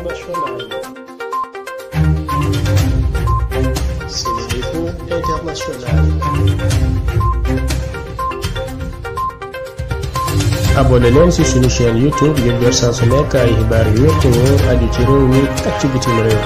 internationale. C'est l'info internationale. abonné leen ci suñu YouTube ngir jot saa su nekk ay xibaar yu wér te wóor ci réew mi ak ci bitim réew.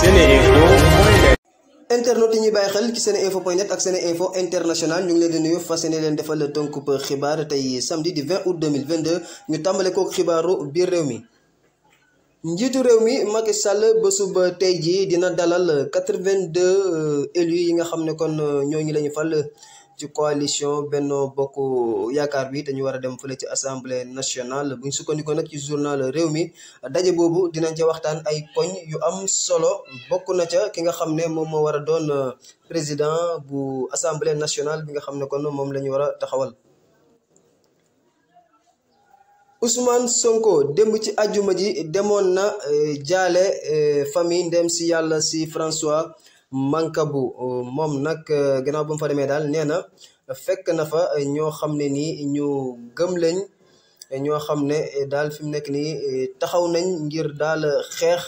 SeneInfo.net internet yi ñuy bàyyi xel ci seneinfo.net ak seneinfo international ñu ngi leen di nuyu fas yéene leen defal tënkub xibaar tey samedi di 20 ñu tàmbale kook xibaaru biir réew mi. njiitu réew mi Macky Sall bésub tey jii dina dalal quatre-vingt-deux euh, élus yi nga xam ne kon euh, ñooñu la ñu fal ci coalition Benno Bokk Yaakaar bi dañu war a dem fële ci assemblée nationale bu ñu sukkandikoo nag ci journal réew mi daje boobu dinañ ca waxtaan ay poñ yu am solo bokk na ca ki nga xam ne moom moo war a doon euh, président bu assemblée nationale bi nga xam ne kon moom la ñu war a taxawal. Ousmane Sonko démb ci ajuma ji demoon na eh, jaale eh, famille ndem si yàlla si François Mancabou moom nag eh, gannaaw ba mu fa demee daal nee na fekk na fa ñoo xam ne nii ñu gëm leñ ñoo xam ne daal fi mu nekk nii taxaw nañ ngir daal xeex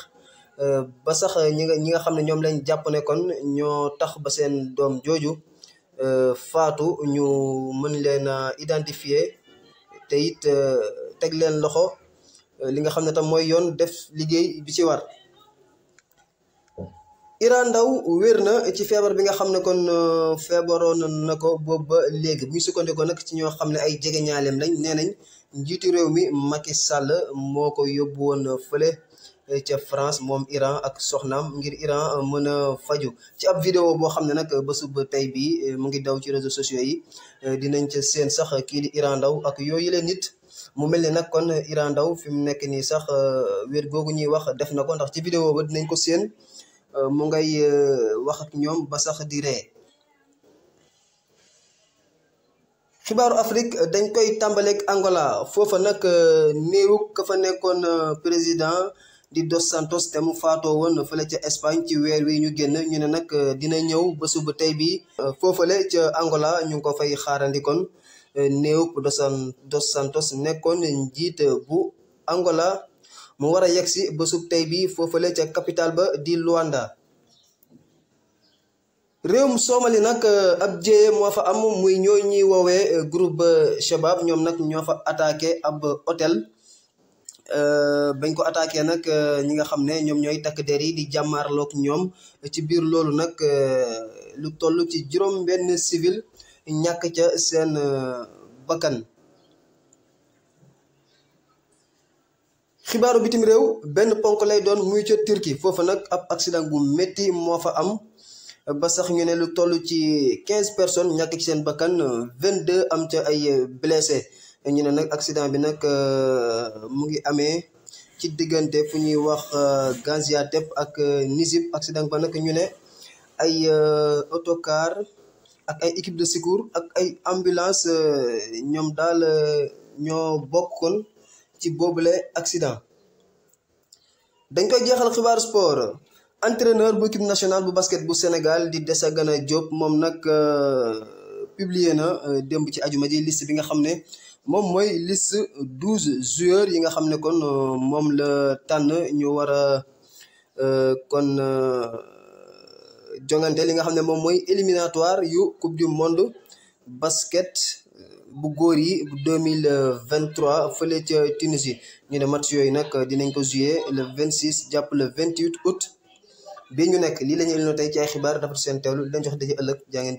ba sax ñi nga ñi nga xam ne ñoom lañ jàpp ne kon ñoo tax ba seen doom jooju faatu ñu mën leen a identifier te teg leen loxo euh, li nga xam ne tam mooy yoon def liggéey bi ci war Ira Ndaw wér na ci feebar bi nga xam ne kon euh, feebaroon na ko boobu ba léegi bu ñu sukkandikoo nag ci ñoo xam ne ay jegeñaaleem lañ nee nañ njiitu réew mi Macky Sall moo ko yóbbu fële ca France moom Iran ak soxnaam ngir Iran euh, mën a faju ci ab video boo xam ne nag euh, bésub tey bi euh, mu ngi daw ci réseau sociaux yi dinañ ca seen sax kii di Iran Ndao ak yooyu leen nit mu mel ni nag kon Iran Ndao fi mu nekk nii sax wér googu ñuy wax def na ko ndax ci vidéo ba dinañ ko seen mu ngay wax ñoom ba sax di ree xibaaru Afrique dañ koy tàmbaleeg Angola foofa nag néewu ka fa nekkoon président di Dos Santos te mu faatoo woon fële ca Espagne ci weer wii ñu génn ñu ne nag euh, dina ñëw bésu bu tey bi euh, foofale ca Angola ñu ngi ko fay xaarandi kon euh, néew Dos Santos nekkoon njiit bu Angola mu war a yegg si bésub tey bi foofale ca capital ba di Luanda réewum Soomali nag ab jéye moo fa am muy ñoo ñuy woowee groupe Shabab ñoom nag ñoo fa attaqué ab hôtel Euh, bañ ko attaqué nag euh, ñi nga xam ne ñoom ñooy takk der yi di jàmmaarloog ñoom ci biir loolu nag euh, lu toll ci juróom benn civil ñàkk ca seen bakkan xibaaru bitim réew benn ponk lay doon muy ca Turquie foofu nag ab accident bu métti moo fa am ba sax ñu ne lu toll ci quinze personnes ñàkk ci seen bakkan vingt deux am ca ay blessé ñu ne nag accident bi nag euh, mu ngi amee ci diggante fu ñuy wax euh, Gaziantep ak euh, Nizib accident ba nag ñu ne ay autocar ak ay équipe de secours ak ay ambulance ñoom daal ñoo bokkoon ci boobule accident dañ koy jeexal xibaar sport entreneur bu équipe nationale bu basket bu Sénégal di Desagana Diop moom nag publier na démb ci ajuma ji liste bi nga xam ne moom mooy list douze joueurs yi nga xam ne kon euh, moom la tànn ñu war a euh, kon euh, jongante li nga xam ne moom mooy éliminatoire yu coupe du monde basket bu góor yi bu deux mille vingt trois fële ca Tunisie ñu ne match yooyu nag dinañ ko joué le vingt six jàpp le vingt huit août bi ñu nekk lii la ñu indi tey ci ay xibaar dafa seen teewlu dañ jox daje ëllëg jaa ngeen